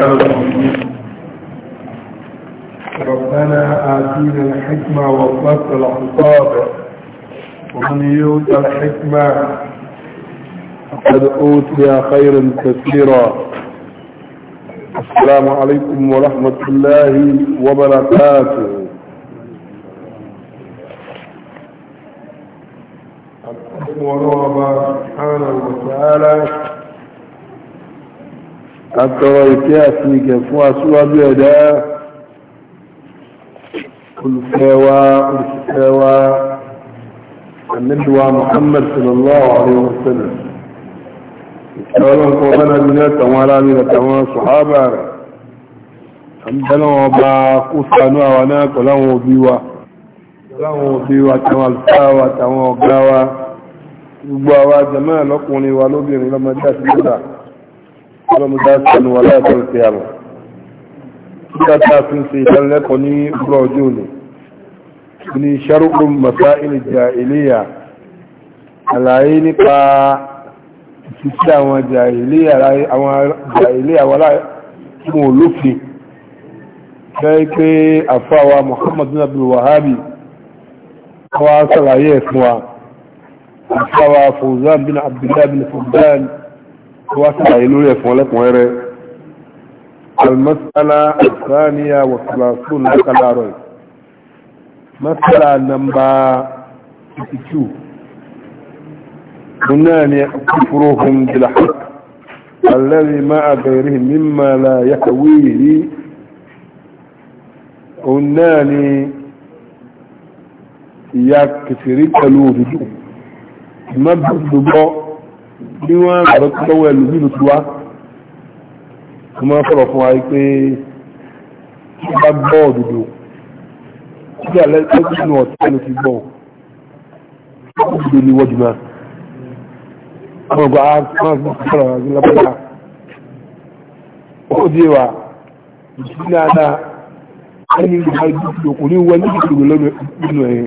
ربنا آتينا الحكمة وفق الخطاب ومن يؤت الحكمة فقد أوتي خيرا كثيرا السلام عليكم ورحمة الله وبركاته àtọrọ ìkẹ́ àti ìgẹ̀ fún aṣíwájú ẹ̀dá olùfẹ́wà olùfẹ́wà annabiwa muhammad sallallahu alaihi wasallam ìkẹ́wọ́n kọ́ bá nàbí náà tàwọn ará ní àtàwọn sọ̀hábà rẹ̀ àmìbẹ́lọ́wọ́ bá kó sànú láwọn òbí wa tàwọn àlùfáà tàwọn ọ̀gá gbogbo àwa jẹ́mọ́ ẹ̀lọ́kùnrin wa lóbìnrin lọ́mọdé àti lọ́dà ọlọ́mú dáṣẹ́ ní wà láìpẹ́ òkè àmà kíkà tá a fi ń ṣe ìdánilẹ́kọ̀ọ́ ní ọgbọ́n ọjọ́ òní ní ṣarúkún masáìlì jàìlíyà àlàyé nípa ìṣiṣẹ́ àwọn jàìlíyà àwọn jàìlíyà wà láìpẹ́ olófin bẹ́ẹ̀ pé àfáwà muhammadu abdul wahabi wọ́n sàlàyé ẹ̀fún wa àfáwà fòzán bin abdullahi bin fòzán واسعي لولي فولك ويري المسألة الثانية والثلاثون لك الأرض مسألة نمبر 52 هنا كفرهم بالحق الذي مع غيرهم مما لا يحويه هناني يكفرك الوجود ما بردبه bí wọ́n rọ̀ lọ́wọ́ ẹlòmí ló ti wá mo máa sọ̀rọ̀ fún wa pé tí bá gbọ́ òdòdó tí alẹ́ tẹ́jú nù ọ̀tẹ́ ló ti gbọ́ òdòdó ni wọ́jú máa àwọn ọgbà máa gbọ́ sọ̀rọ̀ àgbẹ̀ lápẹ́lá ó di wa ìṣú dáadáa ẹni ìgbà ìdúgbò kò ní ní ìdúgbò lọ́nà ìdúgbò ẹ̀yìn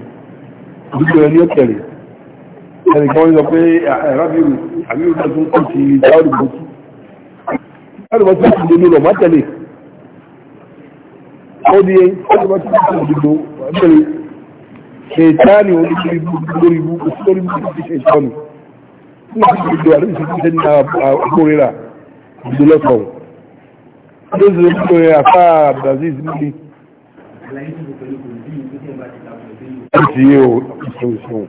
ìdúgbò ẹni ọ̀tẹ̀lẹ̀ ẹni kan sọ pé rábìrù àbíwò náà tún kò sí dáwọ́dù bọ́tú dáwọ́dù bọ́tú ti dé lónà mọ́tẹ̀lé ó di ẹ dáwọ́dù bọ́tú ti dé lónà mọ́tẹ̀lé ṣètáni olórí ibú lórí ibú kò sí lórí ibú ti ṣe ìṣọ́nù nígbà tí ìdò àdébí ṣe kíkẹ́ ní àgbórera ìdò lẹ́kọ̀ọ́ ló ṣe kíkọ́ ẹ afá Abdulaziz níbi àti yíò ìṣòwò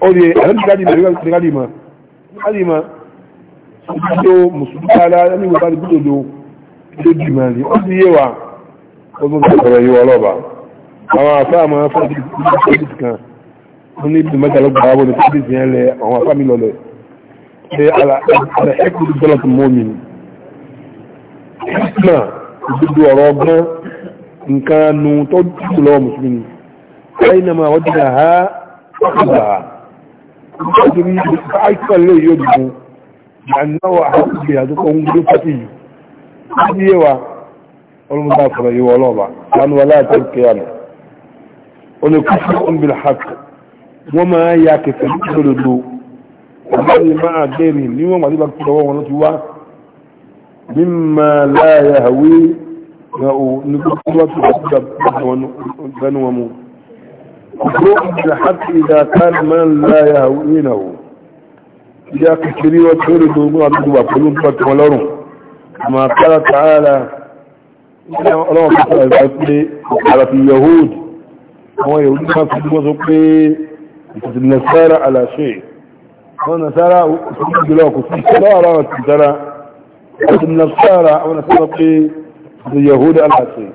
oye alhamdulillah da gadi ma gadi ma do musubala ni wa gadi do do di ma ni o di yewa o mo ko re yewa lo ba àwọn afa ma fa di di kan o ni bi ma ta lo ba bo ni di yen le àwọn afa mi lo le de ala ala ekku di dolat mu'min na di do ọ̀rọ̀ ọgbọ́n nǹkan nu ìjọdún àìkọ́ lè yóò dùn ìyànnáwà àkùnbẹ̀ àdúkọ̀ ń gbé pàtí yìí ní yíwa olùmọ́ta fọ̀rọ̀ yíwa ọlọ́ọ̀bà lánú aláàtọ̀ kíyàmù o lè kú fún ọmọ ìlà hàk wọ́n máa خروج الحق إذا كان من لا يهوينه إذا كثيري وتولد وقلوا وقلوا وقلوا كما قال تعالى الله تعالى على في اليهود هو يهود ما في المزق النسارة على شيء ونصارى سجد له كثير نصارى ونصارى النصارى في اليهود على شيء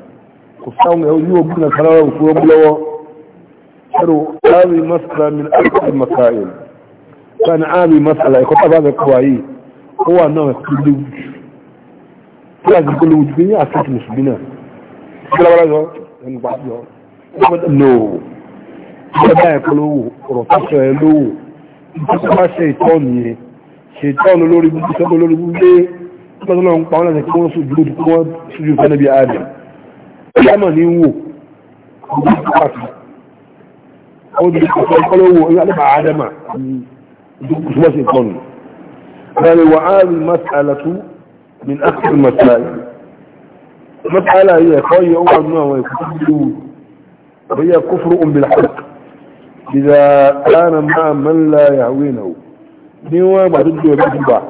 كثير يهود يوم نصارى وصورهم له هذه مسألة من أكثر المسائل كان هذه مسألة يقول هذا كوائي هو أنه كل وجه لازم كل وجه أساس مسلمين كلا ولا يقول no ìjọba ìpolówó ọ̀rọ̀ tọ́sọ ẹ lówó ìjọba bá ṣe ìtọ́nù yẹn ṣe ìtọ́nù lórí búrú sọ́gbọ́ lórí búrú lé ọlọ́dọ́lọ́ ń pa wọ́n láti kí wọ́n sójú lójú kí wọ́n sójú fẹ́ níbi ààrẹ ìyá náà ní wò يعلم عدم قال وعاد المسألة من أكثر المسائل المسألة هي خي أول ما هو يكفر وهي كفر بالحق إذا كان مع من لا يهوينه نوا ما ضد يجبع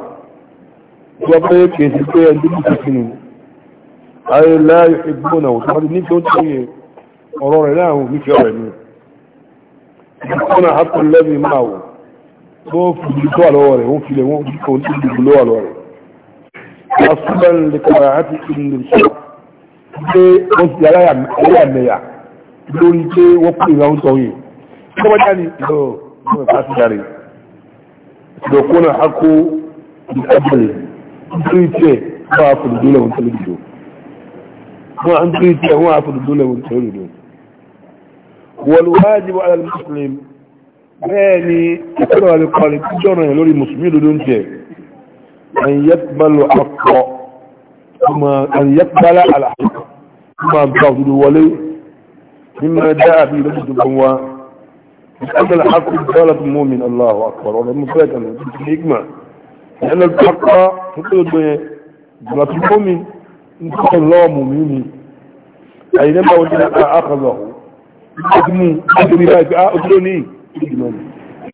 وبيك يسبي عندهم تسنين أي لا يحبونه فهذا نفسه تسنين أرور له نفسه ọ̀nà hapun lẹ́bí máa wò tó fìdí tó àlọ́wọ́ rẹ̀ wọ́n filẹ̀ wọ́n kò ní ìdìbò lọ́wọ́ àlọ́wọ́ rẹ̀ asúlẹ̀ lè kàrà àti ìlú sọ pé wọ́n ti aláyàmẹ̀yà lórí pé wọ́n pè ìlà oúnjẹ yìí tó bá jáde lọ lọ́wọ́ pàṣẹ jáde ìdọ̀kọ́nà akó ìdájọ́lẹ̀ nítorí tiẹ̀ wọ́n á fòdùdó lẹ́wọ̀n tẹ́lẹ̀ dùdó wọ́n á ń torí tiẹ̀ wọ́n á fòdùdó lẹ́wọ̀n tẹ́lẹ̀ والواجب على المسلم يعني يقول على القالب جرى لوري مسلمين دون أن يقبل الحق ثم أن يقبل الحق ثم الضغط ولي مما جاء في لبس هو لأن الحق ضلت المؤمن الله أكبر ولا مفاجأة الحكمة لأن الحق تقول ضلت المؤمن إن الله مؤمن أينما وجد أخذه ọdún ọdún ìgbà ìgbà òdúró ní ìgbìmọ̀ ní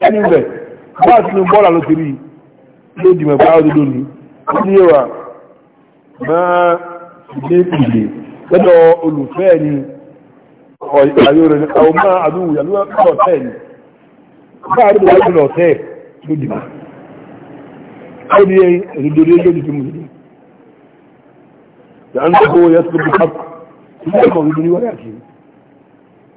ẹni rẹ̀ wọ́n ti ní bọ́ọ̀lù ló ti rí ah, ló dìmọ̀ bá òdúró ní ní ìwà máa ìdí ìdè lọ́dọ̀ olùfẹ́ ni ayò rẹ̀ ní àwọn máa àdúgbò yà lọ́wọ́ ọ̀tẹ́ ni bá a rí lọ́wọ́ ọ̀tẹ́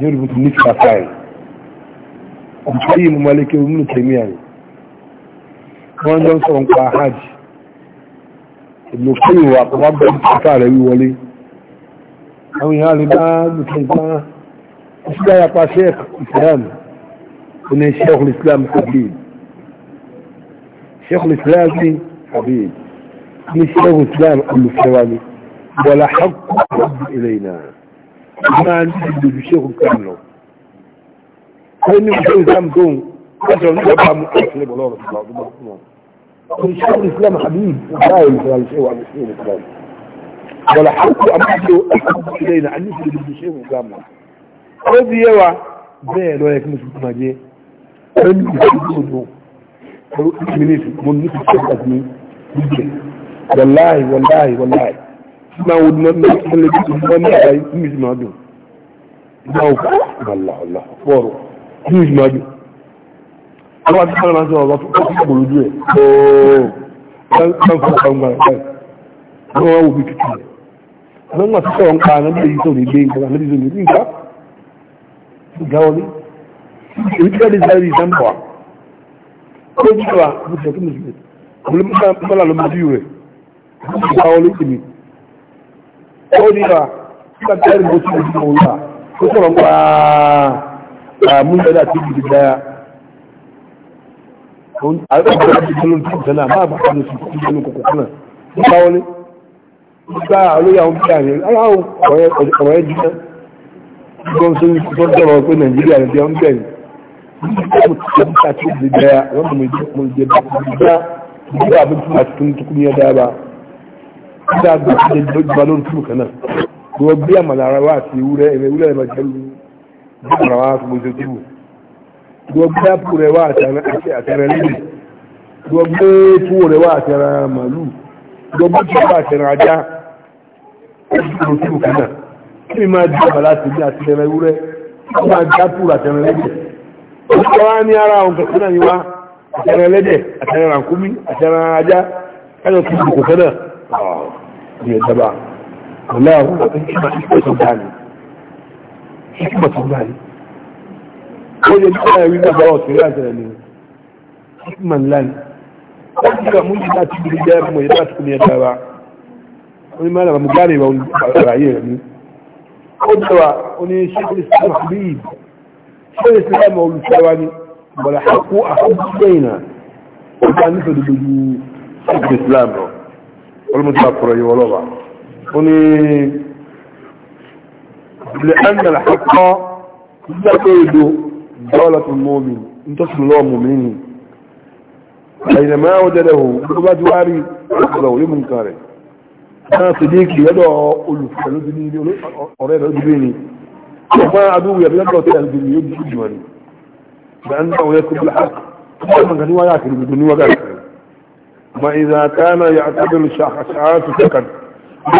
yorùbá ti ní kí wàá káyì ọ̀pọ̀ yìí mo máa lékè omi tèmi àyè wọ́n jọ ń sọ̀rọ̀ nípa hajj èmi kí ìwà àpapọ̀ bọ́ ìtàkà rẹ̀ wíwọlé àwọn èèyàn lè bá nìkan ìgbà ìṣúgbà yapa sheikh islam ní sheikh islam habib sheikh islam ní habib ní sheikh islam olùfẹ́wà ni wọ́n la hàkú máa ń dìbò ìdòdò ṣéhùn kan lọ ó ní ìṣẹ́ ìsìlámù tó ń kọjọ ní ọba mú ọ̀sẹ̀ bọ̀ lọ́rọ̀ ìgbà ọdún bá fún wọn kò ṣe àwọn ìsìlámù habib ọba ìsìlámù ṣe wà ní ṣéhùn islam wọ̀lá àkókò àmúṣe àkókò ilẹ̀ ìnà àníṣe ìdòdò ìṣẹ́ ìṣẹ́ ìṣẹ́ máa wo mọ́lẹ̀ bí wọ́n máa bá yìí mímí máa dùn ìgbà òkú àlàálà fọ́ọ̀rọ̀ mímí máa dùn. àwọn àti sọ́nà máa ń sọ̀rọ̀ wọ́n fún ìgbòrò ojú ẹ̀ ooo wọ́n fún ọ̀pá ńgbà rẹ̀ báyìí wọ́n wá wo bí tutù rẹ̀. àwọn àti sọ̀rọ̀ ń pa anábì yìí sọ̀rọ̀ ìgbé nǹkan anábì sọ̀rọ̀ ìgbé nǹkan ìgáwọlé. èyí tí wọ́n ti sáré ìsáǹpà wa ó ti sọ̀rọ̀ àbúṣe kí mùsùlùmí ó ní wa nígbà tí ẹni mo ti rí mo rí wa ó sọ̀rọ̀ nípa àmúyẹ̀dá tí ìdí dáa àwọn ọmọ ìdí tó ló ń tún sẹ́nà máa bá kánú sí ti ẹnu kòkó fún náà ó bá wọlé nígbà olóyè àwọn bíi àyè aláwọ̀ ọ̀rọ̀ ẹ̀ jìnnà gbọ́n sí tó ń sọ̀rọ̀ pé nàìjíríà rẹ̀ bí wọ́n bẹ̀rẹ̀ nígbà tí ó ti dáa wọ́n mú ìdí dáa ìdí àbújá àti tuntun yẹn dáa bá nígbà gbà lórí túbù kan náà gbogbo bí àmàlà ara wa àti ewúrẹ́ ẹ̀rẹ́ ewúrẹ́ ẹ̀rọ jẹ́ lu ara wa gbogbo ṣe túbù gbogbo bí àpò rẹ̀ wá àti ara lílì gbogbo túwò rẹ̀ wá àti ara màálù gbogbo tí wọ́n àti ara ajá lórí túbù kan náà kí ni máa di àmàlà àti ní àti ẹ̀rẹ́ ewúrẹ́ kí ni máa di àpò àti ara lílì ọjọ́ wa ní ara òǹkà kan náà ni wá àti ara ẹlẹ́dẹ̀ àti ara rànkúmí àti ara ajá ẹ̀rọ túbù kò náà bai yadda ba wallahi wannan ɗan kima hikima sun gane hikima sun gane kawai da duka yawon da bawa su yana jira ne hikiman lan wani ga mun yi lati gudu da yawon mai lati kuma yadda ba wani ma ba mu gane ba wani raye da ni kawai da wani shekul islam habib shekul islam mawulu sarwa ne olùmọ̀tí àkùrọ̀ yìí wọlọ́ba ó ní ilẹ̀ ẹ̀mẹ̀lẹ̀ àkọ́ nígbà tó èdò dọ́ọ̀lá tó mọ́ mi ń tó sì lọ́ọ̀ mọ̀ mí ni àyìnà máa wọ́n jẹ́rẹ̀ hù tó bá ti wá rí ọ̀rọ̀ orí mú nǹkan rẹ̀ náà sì dé kì lọ́dọ̀ olùfẹ́ ní ilé وإذا كان يعتبر شخصات سكت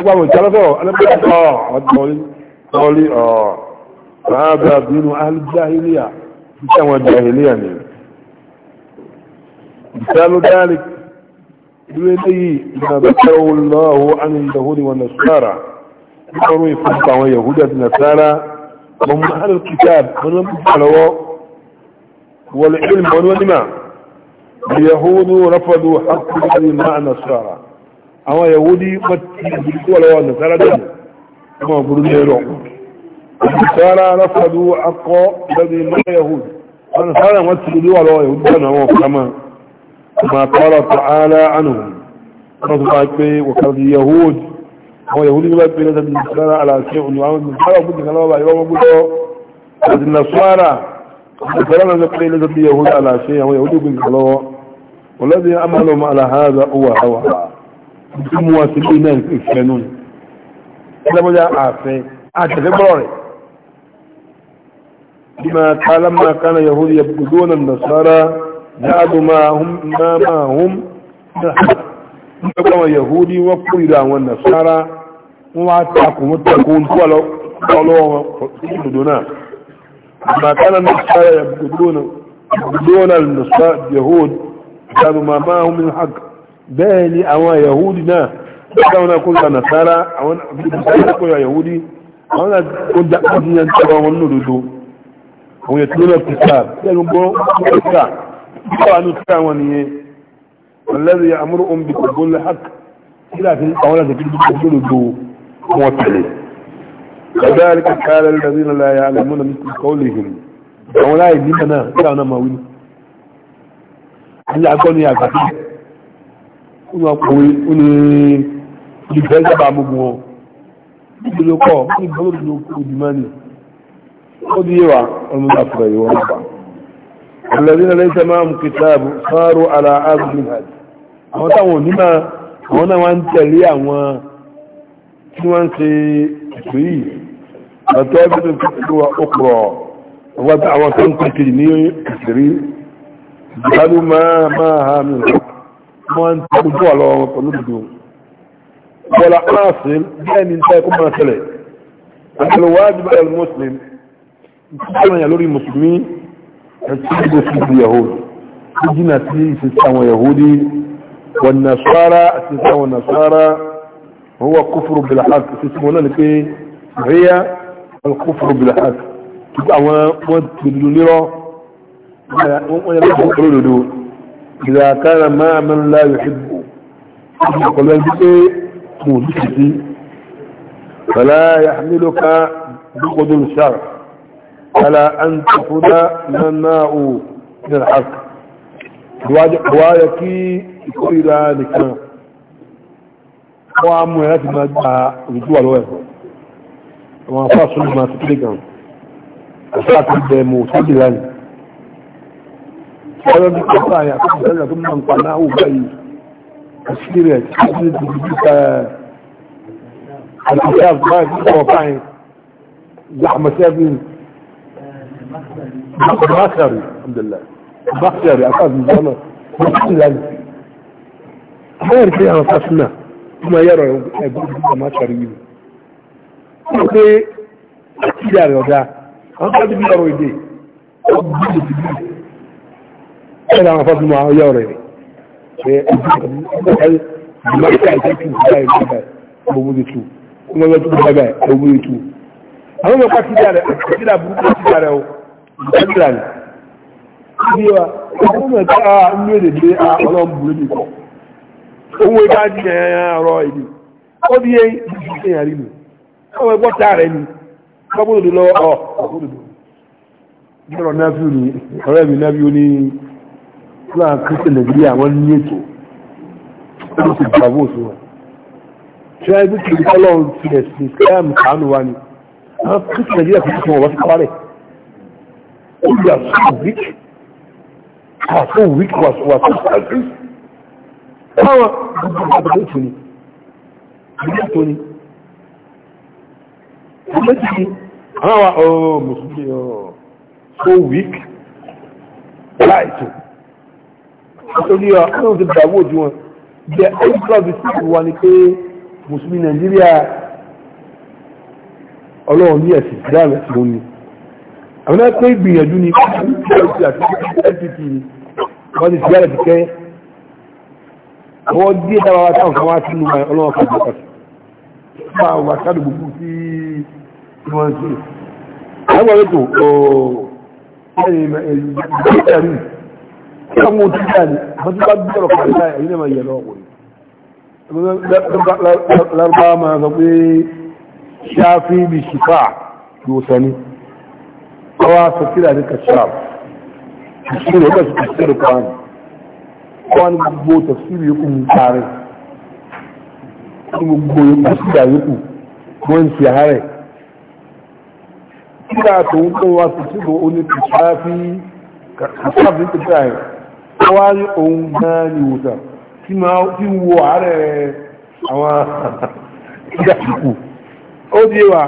يبقى من ثلاثة أنا بقول آه قولي قولي آه فهذا دين أهل الجاهلية كما الجاهلية يعني. مثال ذلك إليه إذا ذكره الله عن اليهود والنصارى ذكروا يفرق ويهود النصارى وهم أهل الكتاب ونمت على والعلم والإمام اليهود رفضوا حق الذي مع النصارى أما يهودي متيجوا لو النصارى دين أما قلوا يروحوا النصارى رفضوا حق الذي مع اليهود النصارى متيجوا لو يهود كما ما قال تعالى عنهم وقال اليهود هو يهودي بقى بين النصارى على شيء وعمل من حرب بدك الله بقى يوم النصارى فلما نقل اليهود على شيء هو يهودي بين الله والذي أملهم على هذا هو هو هو هو هو هو عافي هو هو لما قال هو كان يهود يبقدون النصارى هو ما هم ما ما هم كما هو هو والنصارى واتقوا متقون قالوا قالوا دون ما كان النصارى يبقدون يبقدون النصارى اليهود كانوا ما معهم من حق باني أوا يهودنا كانوا كل نصارى أو كل يهودي أو كل دعوة ينتبه ونلدو ويتلون الكتاب كانوا بقى كانوا كانوا الذي يأمرهم بقبول الحق إلى في أولا تقول دو موتلي كذلك قال الذين لا يعلمون مثل قولهم أولا يجبنا كان ما وين ilé agbọ́ni àgbàtí ó ní ọkùnrin ó ní ìgbẹ́ ìjọba amógun wọn nígbèlò kọ́ nígbèlò ìlú òdìmọ́ni ó di yíwa ọlọ́dà fúra ìwọ̀n nípa الذين ليس معهم كتاب صاروا على عذاب الهاد àwọn táwọn onímọ̀ àwọn náà wá ń tẹ̀lé àwọn tí wọ́n ń ṣe ètò yìí ọ̀tọ́ ẹgbẹ́ tó ń fi ṣe ọkùnrọ̀ ọgbọ́ta àwọn tó ń pàkìrì ní ìṣẹ̀rí ìgbàlú máa máa ha mi wọ́n ń tó ojú àlọ́ wọn pẹ̀lú ìdò bọ́lá áàsì bẹ́ẹ̀ ni tẹ́ kó máa tẹ̀lẹ̀ àtẹlẹwájú bá ẹ̀lú muslim ìtúkọ̀lọ́ yà lórí mùsùlùmí àti ìgbò sí ìlú yahoo tó jìnà sí ìsinsin àwọn yahudi wọn nasara àti ìsinsin àwọn nasara إذا كان ما من لا يحبه يقول لك فلا يحملك بغض الشر على أن تكون مناء من الحق وعيك إلى ذلك هو عم يهات ما جاء وجوه الوهو وما فاصل ما تتلقى فاصل بموسى بلاني ọlọ́dún kọfà yà fún ìtẹ́lẹ̀ tó mọ̀ nípa náà ó báyìí experience ní ti di bíkà àtìsá báyìí fún kọfà yẹn zahmasẹ́bìn bákẹ́rì alhamdulillah bákẹ́rì àkàbí ìjọ́nà bákẹ́rì báyìí fi hàn fásinà tí ma yẹ̀rọ ẹgbẹ́ ìgbà máa kàrí yìí wọ́n pé àti ìyá rẹ̀ ọ̀dà àwọn kájú bí ọ̀rọ̀ èdè ọ̀gbìn ìdílé ẹ̀rọ àwọn fọ́tún máa yọ rẹ̀ pé ìgbàlódé àti ìtú ìgbà ìgbà ọmọ ìtú ọmọ ìtú ìgbà ọmọ ìtú. àwọn ọmọ pàtí dára àti dára burúkú ti dára o ìgbàlódé ni. ibi wa ọmọ ìgbà ní èdè dé ọlọ́run burú ní kọ. owó ìgbà ní ọ̀rọ̀ ìlú ó di yẹn ìdíje yàrá ìlú ọmọ ẹgbọ́n tá rẹ̀ ni ọgbọ́n òdòdó lọ ọ̀ ọ̀gbọ́n òdòdó. ọ̀rẹ́ mi náà bí ó ní náà kírísítẹ̀ nàìjíríà wọ́n ní ètò ó sì gbàgbó sí wọn ṣe é bí kìí kọ́lọ̀ ti ẹ̀sìn islam kánú wa ni àwọn kírísítẹ̀ nàìjíríà kò tún ọ̀rọ̀ sí kárẹ̀ ó yà so weak wà so weak wà so wà so selfish káwọn gbogbo àgbàdo ètò ni àgbàdo ètò ni àgbàdo ètò ni àwọn àwọn ọ̀ọ́ oh, oh, so weak láìtò nítorí ọ̀hún ti dàwó ojú wọn jẹ́ ẹ́ńtọ́bì sí ìwà ni pé mùsùlùmí nàìjíríà ọlọ́run ní ẹ̀sìn dáàmì ẹ̀sìn lónìí àwọn ẹ̀kọ́ ìgbìyànjú ni wọ́n ti sílẹ̀ ti kẹ́ àwọn díẹ̀ dára wa táwọn kan wá sínú ọlọ́run kan jẹ́ pàtàkì fún àwọn àṣàdù gbogbo sí wọ́n sí àwọn ètò ọ̀ọ́ kan mutu da ne ba su ba biyar ka da ya yi mai yalo ko larba ma ga bi shafi bi shifa yosani kawa su kira da kashaf shi ne ba su tafsir kwani kwani gbogbo tafsir yi kun tare kuma gbogbo yi kun da yi kun wọn si hare kira to n kowa su ci ga oni wá ní ohun gan ni ìwòsàn tí ń wo àárẹ̀ àwọn ìdàkùkù ó di wa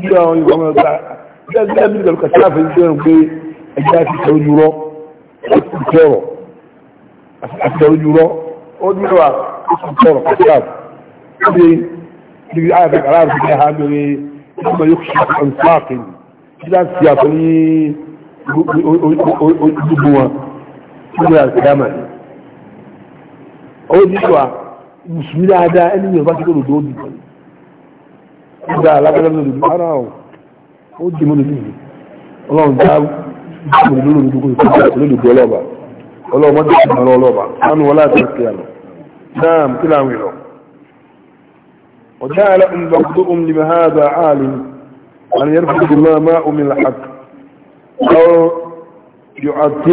bí àwọn ìwọ̀n ọmọ ọ̀gá bí ẹgbẹ́ ẹgbẹ́ ìgbàlù kàtí àfẹ́ ìṣẹ́ rẹ̀ pé ẹgbẹ́ àti ìṣẹ́ ojúrọ́ ó ti tọrọ àti ìṣẹ́ ojúrọ́ ó di wa ó lórí àkàmà ó a wà mùsùlùmí dáadáa ẹni yóò bá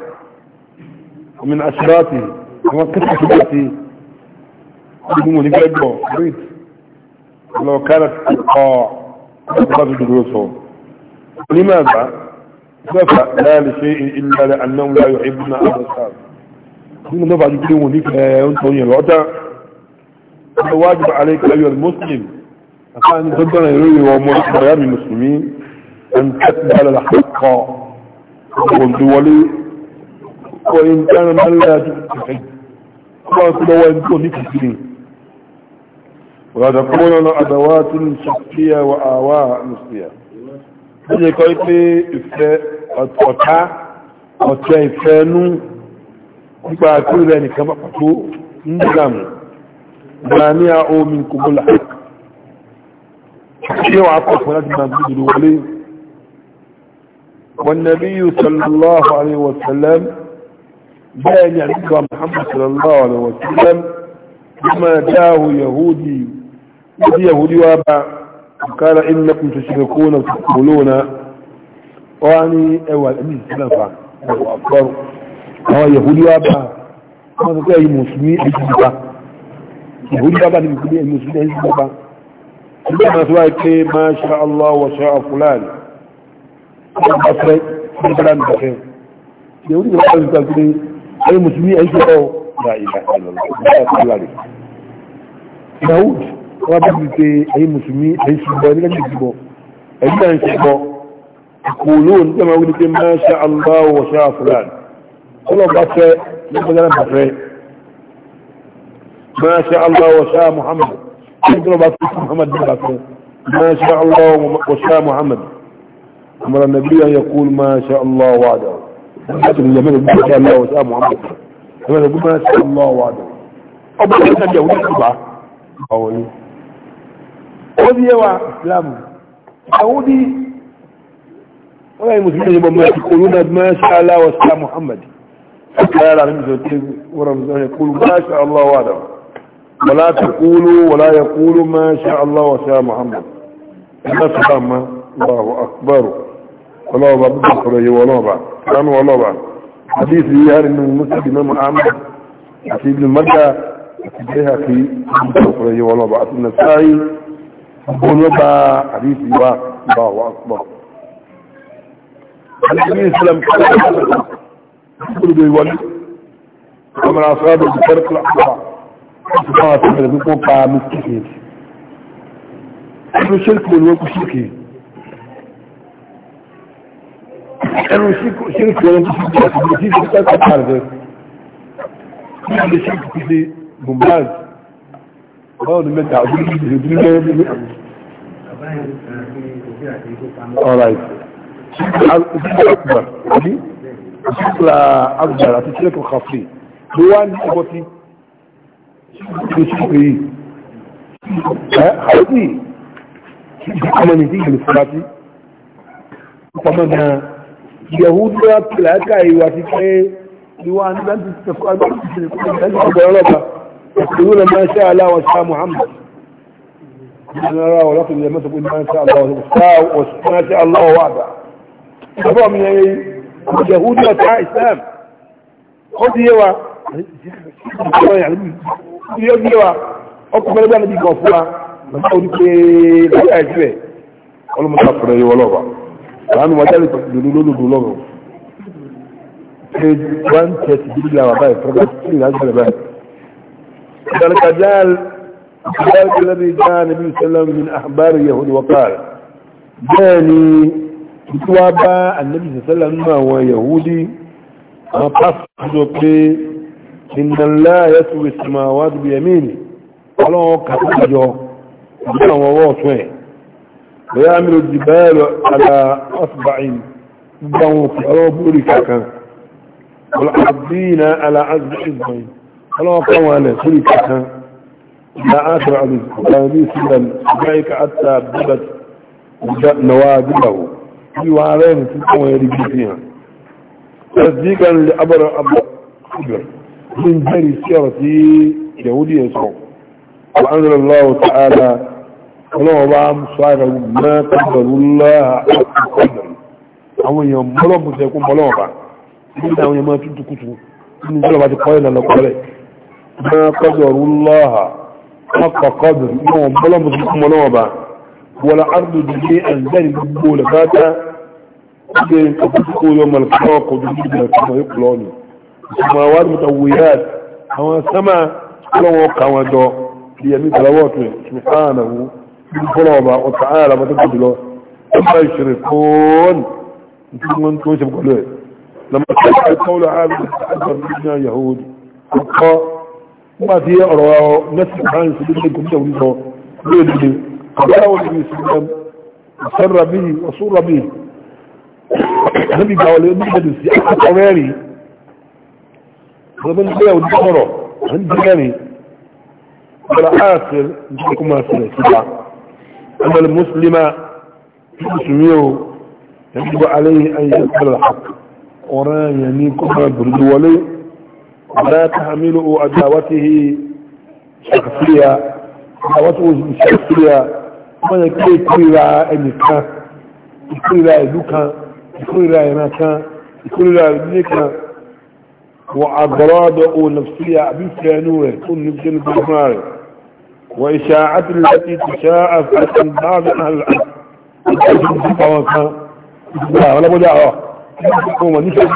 ومن عشراته ومن كثرة ذاته يقوموا لجأجوا بريد لو كانت تلقى تقضي دروسهم لماذا؟ نفع لا لشيء إلا لأنه لا يحبون أهل الخاص دون نفع يقولون لك ينطون الوضع الواجب عليك أيها المسلم أخاني ضدنا يروي ومعلم المسلمين أن تقبل الحق والدولي وإن كان من لا تحي وأكل وإن كنت وتكون أدوات شخصية وآواء نصية Ẹjẹ́ kọ́ pé ìfẹ́ ọ̀tá ọ̀tẹ́ ìfẹ́ nú nípa tí rẹ̀ nìkan pàtó ń dìgbàmù gbà ní a omi kòbólà. Ṣé wà pọ̀pọ̀ láti máa gbìdìrò wọlé? Wọ́n nàbí yóò sallallahu alaihi wasallam بين يعرفها محمد صلى الله عليه وسلم لما جاءه يهودي يهودي يهودي وابا وقال إنكم تشركون وتقولون واني اول امين سلافا أكبر هو يهودي وابا ما تقول اي مسلمين اجبا يهودي وابا نبكي المسلمين اجبا عندما سواء ما شاء الله وشاء فلان أصلي فلان بخير يهودي وابا نبكي أي مسلمين أي شيء أو لا إله إلا الله لا إله إلا داود رابط بي أي مسلمين أي شباب لك يجبه أي ما يشبه يقولون كما قلت ما شاء الله وشاء فلان الله بس مثلا بس ما شاء الله وشاء محمد يقولوا بس محمد بس ما شاء الله وشاء محمد أمر النبي أن يقول ما شاء الله وعده láti ní yẹmẹ́rin bí ṣe aláwọ̀ sí àmọ́ àmọ́ ẹgbẹ́rẹ́ gbọ́mọ́ sí ọmọ wa dùn ọgbọ́n ní ìtàjẹ̀ òun ní ìgbà ọ̀wọ̀ yìí ó ní yẹwà ìsìlámù àwọn ní wọ́n láyé mùsùlùmí ní bọ́mọ́ sí kòrò náà bí máa ṣe aláwọ̀ sí àmọ́ Muhammad káyára ní ìṣòro tí wọ́n rọ̀ kúrò máa ṣe aláwọ̀ dà wọ́lá ti kúrò wọ́lá yẹ kúrò máa ṣe aláwọ̀ sí àmọ́ Muhammad ẹgbẹ́ sọ́kà máa Allahu akbar ولو بعض الصلاة ولو بعض كان ولو بعض حديث ليهار من المسجد إمام أعمد حسيب المدى حسيبها في الصلاة ولو بعض النسائي ولو بعض حديث يواقف الله أصبر الحبيب السلام كله يولي ومن أصابه بفرق الأحضار أصبحت من المسجد مستحيل كل شرك من الوقت شركين ẹnu ṣíríkì ọ̀rọ̀ tó ṣíkì ọ̀rọ̀ tí ó tẹ́kọ̀ pàrẹ̀ ní ọdún ṣíkì tí ṣe bombard ọdún mẹ́ta ọdún ìdílé mẹ́rin alright ṣíkì akbar àbí ṣíkì akbar àti ṣíkì kọfí ló wá ní ọgbọ́ tí ṣíkì ṣíkì yìí àwọn tí ṣíkì kọmọ ní tí ìlú fúnra tí ọmọ náà yahudu wa pèlè aka ìwà ti pé ìwà nígbà tí tẹ̀kọ́ agbára ti ọgbọ̀n ọlọ́ba ìlú na máa ṣe aláwọ̀ ṣá muhammad ìlànà ọlọ́pàá ilẹ̀ mẹ́sàn pé máa ṣe aláwọ̀ máa ṣe aláwọ̀ wà dá ìjọba mi yẹn yahudu wa ta islam ó ti yé wa ó ti yé wa ọkùnrin gbọ́dọ̀ àánú wájà lè lòlú lólòlò lọ́rọ̀ page one thirty bíbí làwọn báyìí fúnra sí ìlànà báyìí. الكجال ذلك الذي جاء النبي صلى الله عليه وسلم من أخبار اليهود وقال جاني بتوابى النبي صلى الله عليه وسلم هو يهودي أقصدك إن الله يسوي السماوات بيمينه ọlọ́wọ́ kàtàjọ ọ̀gbọ́n àwọn ọwọ́ ọ̀tún ẹ̀ ويعمل الجبال على أصبع بضعوا في أرابوري كاكا على عزب حزبين فلو قوى له سوري كاكا لا آخر عزيز وقالوا سلم ذلك حتى وجاء نوادله في وعلين تلقوا يريد فيها تصديقا لأبر أبر خبر من جري سيرتي يهودي يسعو وأنزل الله تعالى ọlọ́wọ́ bá mú sọ àìrà mẹ́ kọ́dọ̀rú láàrín àwọn èèyàn mọ́lọ́bù sẹ́kún mọ́lọ́wọ́ bá nígbà àwọn èèyàn máa tútù kùtù ní ìjọba ti kọ́ ìlànà kọ́lẹ̀ mẹ́ kọ́dọ̀rú láàrín àwọn sẹ́mà ọlọ́wọ́ kàwọn jọ bí ẹ̀mí tàlọ́wọ́ tó ṣùgbọ́n àwọn الظلمة وتعالى ما إيه؟ تقول له ثم يشركون ثم توجب قلوه لما تسمع القول عالم تتعذر من يهود حقا ما في أرواه نسمع عن سبيلكم توليسه بيدي قبله النبي صلى الله عليه وسلم سر به وصور به النبي قال لي أنه بدل سياحة قراري ومن قيا ودخره عندي يعني والعاصر نشوفكم ما سنة سبعة أن المسلم يسميه يجب عليه أن يقبل الحق وران يعني كفر البردولي ولا تحمله أداوته شخصية أداوته شخصية ومن يكي كريرا أمكا كريرا أدوكا كريرا أناكا كريرا أدوكا وأغراضه نفسية أبي كانوه كل نفسي البرماري وإشاعة التي تشاء فأسن بعض أهل الأرض ولا مدعوة هو نشأ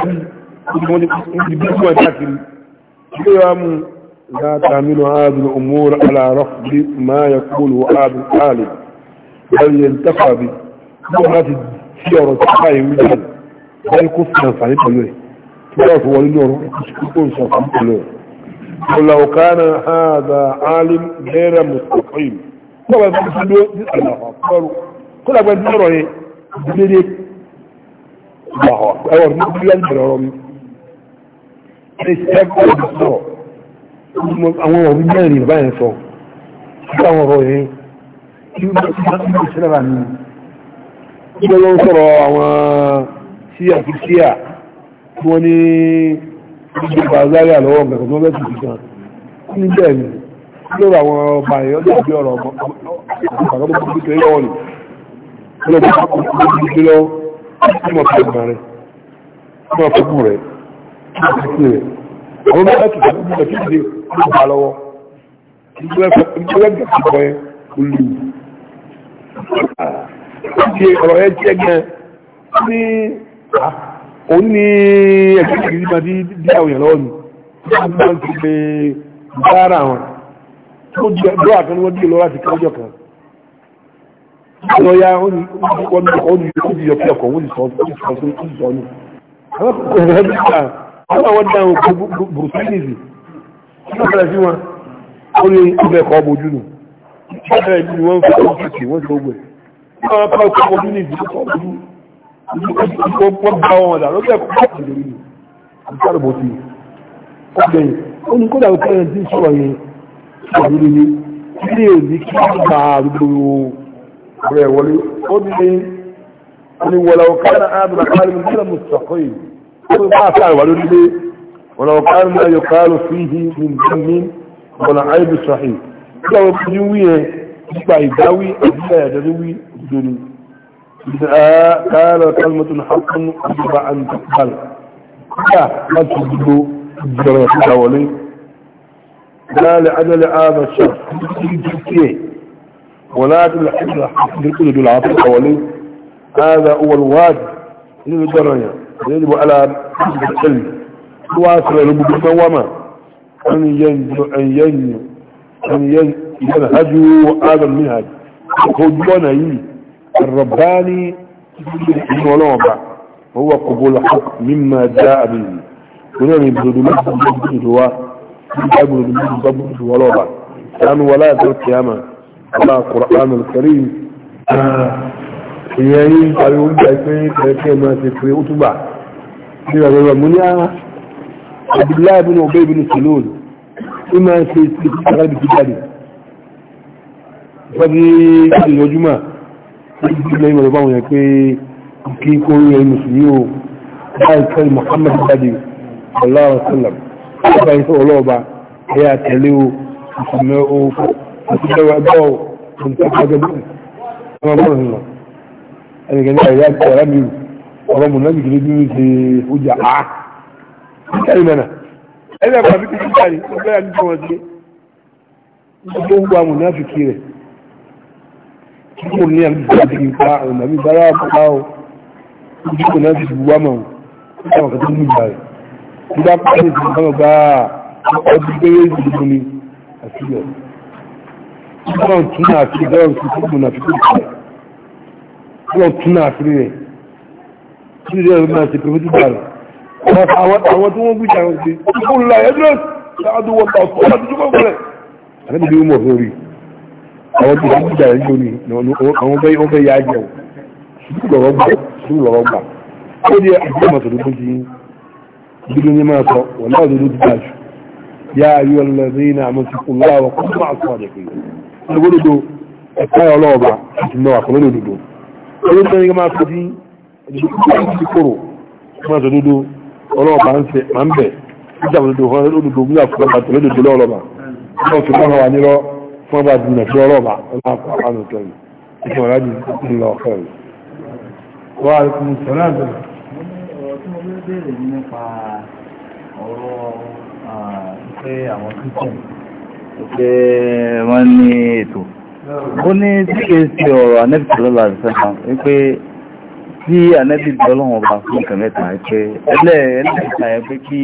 لا تعمل هذه الأمور على رفض ما يقول وعاد العالم بل ينتفع به لغة السيارة تقاية ويجب بل كفنا فعليك الله تعرف ولنور كفنا فعليك الله ولو كان هذا عالم غير مستقيم طبعا تسلو الله أكبر كل أبن نره بلدك الله أكبر أول مبلا برهم استقبل بصره àwọn ọ̀rọ̀ mẹ́rin báyìí sọ àwọn ọ̀rọ̀ yìí tí ó bá ti bá sílẹ̀ bá ní ìgbẹ́lọ́n sọ̀rọ̀ àwọn síyà sí síyà tí wọ́n ní gbogbo ọba azáríà lọ́wọ́ ọ̀gbẹ̀kọ̀ tó lẹ́sì ti gan ní bẹ́ẹ̀ ni lórí àwọn ọba ẹ̀yọ́ ní àbí ọ̀rọ̀ ọmọ ọ̀pọ̀ tó kú kéré lọ́wọ́ ni lọ́wọ́ tó kú kéré lọ́wọ́ tí mo fẹ́ gbọ́n rẹ̀ tí mo fẹ́ kú rẹ̀ tí mo fẹ́ rẹ̀ àwọn ọmọ ẹ̀kì tó kú rẹ̀ kí ni ó gbà lọ́wọ́ ìgbẹ́lẹ́gbẹ̀ẹ́ òun ní ẹ̀kọ́ ìgbìyànjú máa dí àwọn èèyàn lọ́wọ́ mi wọ́n máa ń ti pé ìbára wọn tó jẹ́ bọ́ àkan wọ́n dé lọ láti kọjọ́ kan lọ́yà wọ́n ní ó di ọ̀pẹ́ ọkọ̀ wọ́n ní sọ ní sọ ní sọ ní sọ ní. àwọn kòkòrò ẹ̀rọ ní ìgbà wọ́n máa wọ́n dá àwọn òkú burúkúlìsì wọ́n fẹ́rẹ̀ sí wọn ó ní ibẹ̀ kọ́ bojú nù wọ́n fẹ́rẹ̀ sí wọn fẹ́rẹ̀ sí wọn fẹ́rẹ̀ sí wọn wọ́n bá wọn dà lókè kọ́ọ̀tù lórí mi àbúkárò bó ti ọ̀gbẹ́ ó ní kódà òkè ẹni tí ń sọ̀rọ̀ yẹn sọ̀rọ̀ lórí mi kí lè ní kí wọ́n gba gbogbo rẹ̀ wọlé ó ní ní ní wọlé ọ̀kára àdúrà kárí àwọn ọmọ ní wí yẹn قال كلمة حق يجب أن تقبل لا ما تجدوا الجرى حوالي لا لعدل هذا الشخص ولا لعدل يقول العاطفة حوالي هذا هو الواجب للدرجة يجب على العلم واصل ربما وما أن ينجو أن ينجو أن ينهجوا هذا المنهج يقولون يجب الرباني ولوبا هو قبول الحق مما جاء به ونعم يبدو مجد هو يبدو مجد ولوبا كان ولا ذو القيامة الله القرآن الكريم yayin ƙwayoyin da ake ƙarfe masu kare utuba shi da zama muni a abdullahi bin obai bin sulul ima sai su ƙarar da gida ne fadi a yau juma'a ìgbìmọ̀ ìmọ̀ ìbáwọn yẹn pé kí kó rí ẹni mùsùlùmí o báyìí kọ́ Muhammad badi ọlọ́run sallam ọba iṣẹ́ ọlọ́ọba ẹ̀yà tẹ̀lé o ìṣùmẹ́ o àti bẹ́wà gbọ́ o kò ní tẹ́kọ̀ọ́jọ́ bí ọmọ bọ́ọ̀lù nù ẹnìkan náà ẹ̀yà tẹ̀ ọ̀rá mi ọ̀rọ̀ mọ̀ náà kìkìrí bí mi ṣe ọjà á kíkàrí mẹ́nà kíkò ní àgbàdì nípa ọ̀nà bí bára àpá o kíkò náà ti wá mọ̀ ọ̀nà kan tó ní ìgbà rẹ̀ bí bá pàdé ti bá bá ọdún péré ìdìbò ni àti ilẹ̀ ọlọ́run tún náà fi ìdáwọ̀ sí kíkò náà fi kò ìgbà ọlọ́run tún náà fi rẹ̀ tí ìdí ẹ̀rọ máa ṣe pẹ̀lú ìgbà rẹ̀ àwọn tí wọ́n gbìyànjú ṣe kíkò ńlá àwọn tó ń jà lẹ́jọ́ ni àwọn fẹ́ wọ́n fẹ́ yá jẹ́ o sùúrù lọ́rọ̀ gbà sùúrù lọ́rọ̀ gbà ó di àgbẹ̀ mọ̀tò tó kún ti dúdú ní máa sọ wọ́n náà dúdú ti dájú yá ayé ọlọ́dẹ ní àmọ́ ti kún láwọ̀ kó tó máa sọ àjẹ́ pé ẹgbẹ́ ẹ̀ka ọlọ́ọ̀bà ti náà kọ́ lónìí dodo ẹgbẹ́ ní máa máa sọ wọ́n bá dùn ẹ̀fẹ́ ọlọ́ba ọlọ́pàá kẹrin ìṣẹ́ ọ̀lájì ńlọ kẹrin wà ní sọ́lá bẹ̀rẹ̀. ọ̀rọ̀ tí mo lè béèrè nípa ọ̀rọ̀ pé àwọn christian pé wọ́n ní ètò ó ní tí kì í ṣe ọ̀rọ̀ anẹ́bí tọ́lọ́lá àdìsẹ́nà wípé bá fún nǹkan mẹ́ta pé ẹlẹ́ẹ̀ẹ́lẹ́ẹ̀ta pé kí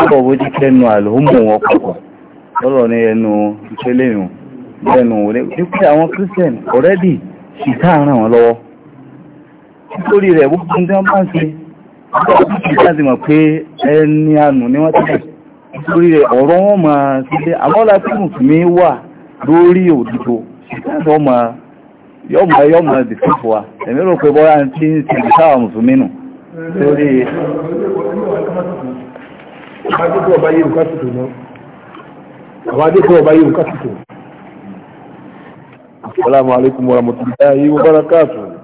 ó bọ̀ bójú kẹ́nu àlòhùn wọn pọ̀pọ̀ lọ́rọ̀ ní ẹnu ìṣẹ́lẹ̀ yùn lẹ́nu wípé àwọn christian already ṣìtá ràn wọ́n lọ́wọ́ nítorí rẹ̀ gbogbo tí wọ́n bá ń ṣe ṣìtá ti mọ̀ pé ẹni ànù ni wọ́n tẹ̀lẹ̀ nítorí rẹ̀ ọ̀rọ̀ wọn máa sílé àmọ́lá tí mùsùlùmí wà lórí òdìdó ṣìtá tó máa yọ́mọ̀ yọ́mọ̀ dìfẹ́fọ́ wa ẹ̀mí rò pé bọ́ra tí ń ti ìṣáwà mùsùlùmí nù lórí àwọn adékọ̀ọ́ ọba yìí ń kásìkò. Assalamu alaikum warahmatullahi